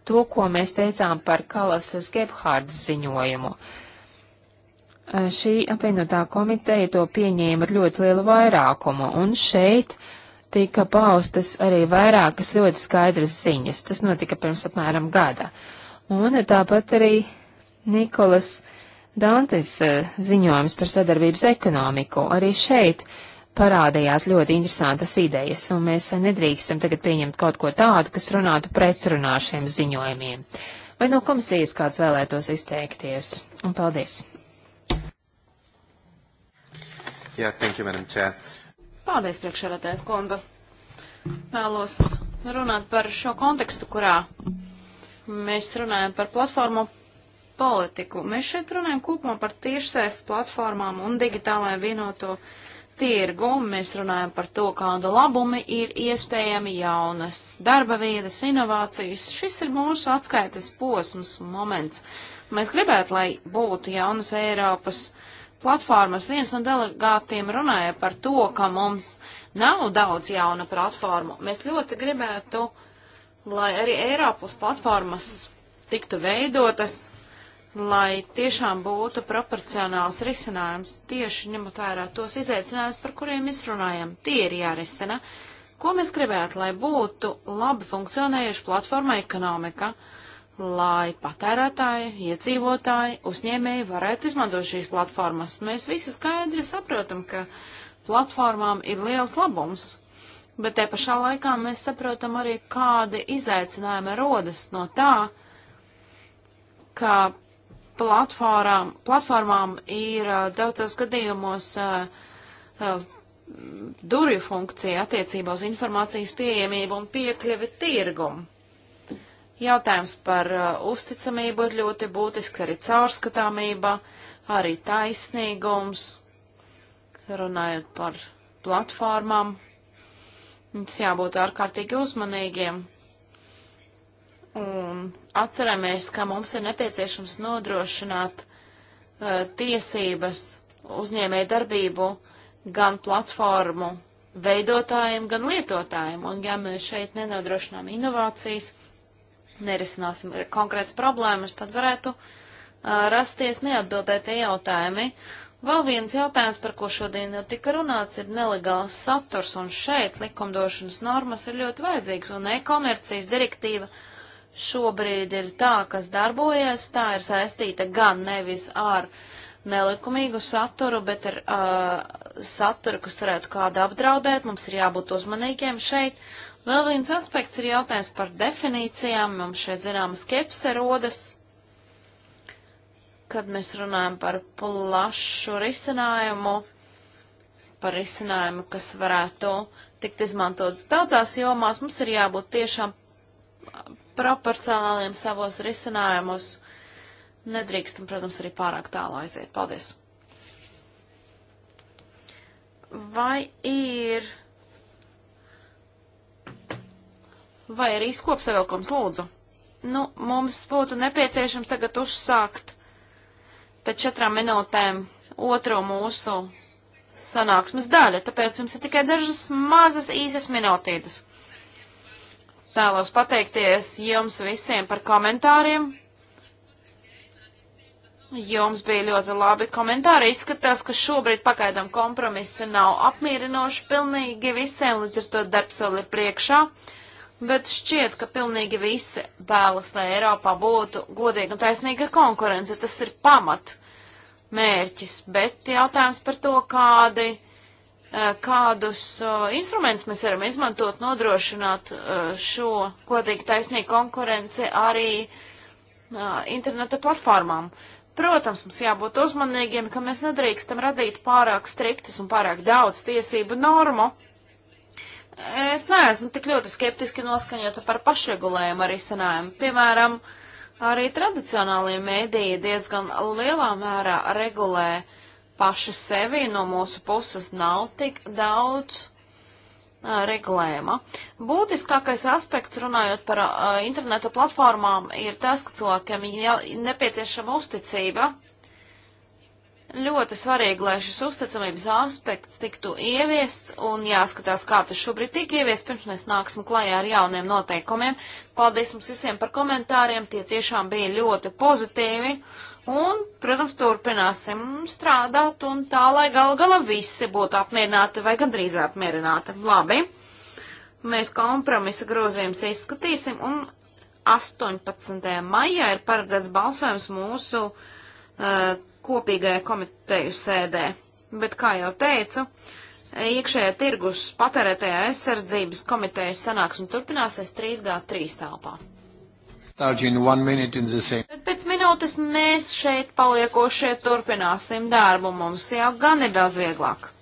[SPEAKER 3] to, ko mēs teicām par Kalasas Gebhārdas ziņojumu. Šī apvienotā komiteja to pieņēma ar ļoti lielu vairākumu, un šeit tika paustas arī vairākas ļoti skaidras ziņas. Tas notika pirms apmēram gada. Un tāpat arī Nikolas Dantes ziņojums par sadarbības ekonomiku. Arī šeit uh, parādījās ļoti interesantas idejas, un mēs nedrīkstam tagad pieņemt kaut ko tādu, kas runātu pretrunā šiem ziņojumiem. Vai no komisijas kāds vēlētos izteikties? Un paldies!
[SPEAKER 1] Jā, yeah, thank you, madam chair.
[SPEAKER 2] Paldies, priekšsēdētāja Konda. Vēlos runāt par šo kontekstu, kurā mēs runājam par platformu politiku. Mēs šeit runājam kopumā par tiešsaistes platformām un digitālajā vienoto. No tirgu, mēs runājam par to, kādu labumi ir iespējami jaunas darba vietas, inovācijas. Šis ir mūsu atskaites posms, moments. Mēs gribētu, lai būtu jaunas Eiropas platformas. Viens no delegātiem runāja par to, ka mums nav daudz jauna platformu. Mēs ļoti gribētu, lai arī Eiropas platformas tiktu veidotas, lai tiešām būtu proporcionāls risinājums, tieši ņemot vērā tos izaicinājumus, par kuriem izrunājam. Tie ir jārisina. Ko mēs gribētu, lai būtu labi funkcionējuši platforma ekonomika, lai patērētāji, iedzīvotāji, uzņēmēji varētu izmantot šīs platformas. Mēs visi skaidri saprotam, ka platformām ir liels labums, bet te pašā laikā mēs saprotam arī, kādi izaicinājumi rodas no tā, ka platformām, platformām ir daudzos gadījumos durvju funkcija attiecībā uz informācijas pieejamību un piekļuvi tirgumu. Jautājums par uh, uzticamību ir ļoti būtisks, arī caurskatāmība, arī taisnīgums, runājot par platformām. Mums jābūt ārkārtīgi uzmanīgiem, un atceramies, ka mums ir nepieciešams nodrošināt uh, tiesības uzņēmē darbību gan platformu veidotājiem, gan lietotājiem. Un ja mēs šeit nenodrošinām inovācijas, nerisināsim konkrētas problēmas, tad varētu uh, rasties neatbildētie jautājumi. Vēl viens jautājums, par ko šodien jau tika runāts, ir nelegāls saturs, un šeit likumdošanas normas ir ļoti vajadzīgas, un e-komercijas direktīva uh, šobrīd ir tā, kas darbojas, tā ir saistīta gan nevis ar nelikumīgu saturu, bet ar uh, saturu, kas varētu kādu apdraudēt. Mums ir jābūt uzmanīgiem šeit. Vēl viens aspekts ir jautājums par definīcijām. Mums šeit zinām skepse rodas, kad mēs runājam par plašu risinājumu, par risinājumu, kas varētu tikt izmantots daudzās jomās. Mums ir jābūt tiešām proporcionāliem savos risinājumus. Nedrīkstam, protams, arī pārāk tālu aiziet. Paldies! Vai ir. Vai arī skopsavilkums lūdzu? Nu, mums būtu nepieciešams tagad uzsākt pēc četrām minūtēm otro mūsu sanāksmes daļu, tāpēc jums ir tikai dažas mazas īsas minūtītes. Tēlos pateikties jums visiem par komentāriem. Jums bija ļoti labi komentāri. Izskatās, ka šobrīd pagaidām kompromisa nav apmierinoši pilnīgi visiem, līdz ar to darbs vēl ir priekšā. Bet šķiet, ka pilnīgi visi vēlas, lai Eiropā būtu godīga un taisnīga konkurence. Tas ir pamat mērķis, bet jautājums par to, kādi Eh, kādus eh, instrumentus mēs varam izmantot, nodrošināt eh, šo godīgi taisnīgu konkurenci arī interneta platformām. Protams, mums jābūt uzmanīgiem, ka mēs nedrīkstam radīt pārāk striktas un pārāk daudz tiesību normu. Es neesmu tik ļoti skeptiski noskaņota par pašregulējumu arī sanājumu. Piemēram, arī tradicionālie mēdīji diezgan lielā mērā regulē uh, paši sevi no mūsu puses nav tik daudz uh, regulējuma. Būtiskākais aspekts, runājot par uh, internetu platformām, ir tas, ka cilvēkiem ir nepieciešama uzticība. Ļoti svarīgi, lai šis uzticamības aspekts tiktu ieviests un jāskatās, kā tas šobrīd tiek ieviests, pirms mēs nāksim klajā ar jauniem noteikumiem. Paldies mums visiem par komentāriem, tie tiešām bija ļoti pozitīvi. Uh, Un, protams, turpināsim strādāt un tā, lai gal galā visi būtu apmierināti vai gandrīz apmierināti. Labi, mēs kompromisa grozījumus izskatīsim un 18. maijā ir paredzēts balsojums mūsu uh, kopīgajai komiteju sēdē. Bet, kā jau teicu, iekšējā tirgus patērētajā aizsardzības komitejas sanāksme turpināsies 3G3 telpā.
[SPEAKER 1] Tad
[SPEAKER 2] pēc minūtes mēs šeit paliekošie turpināsim darbu, mums jau gan ir daudz vieglāk.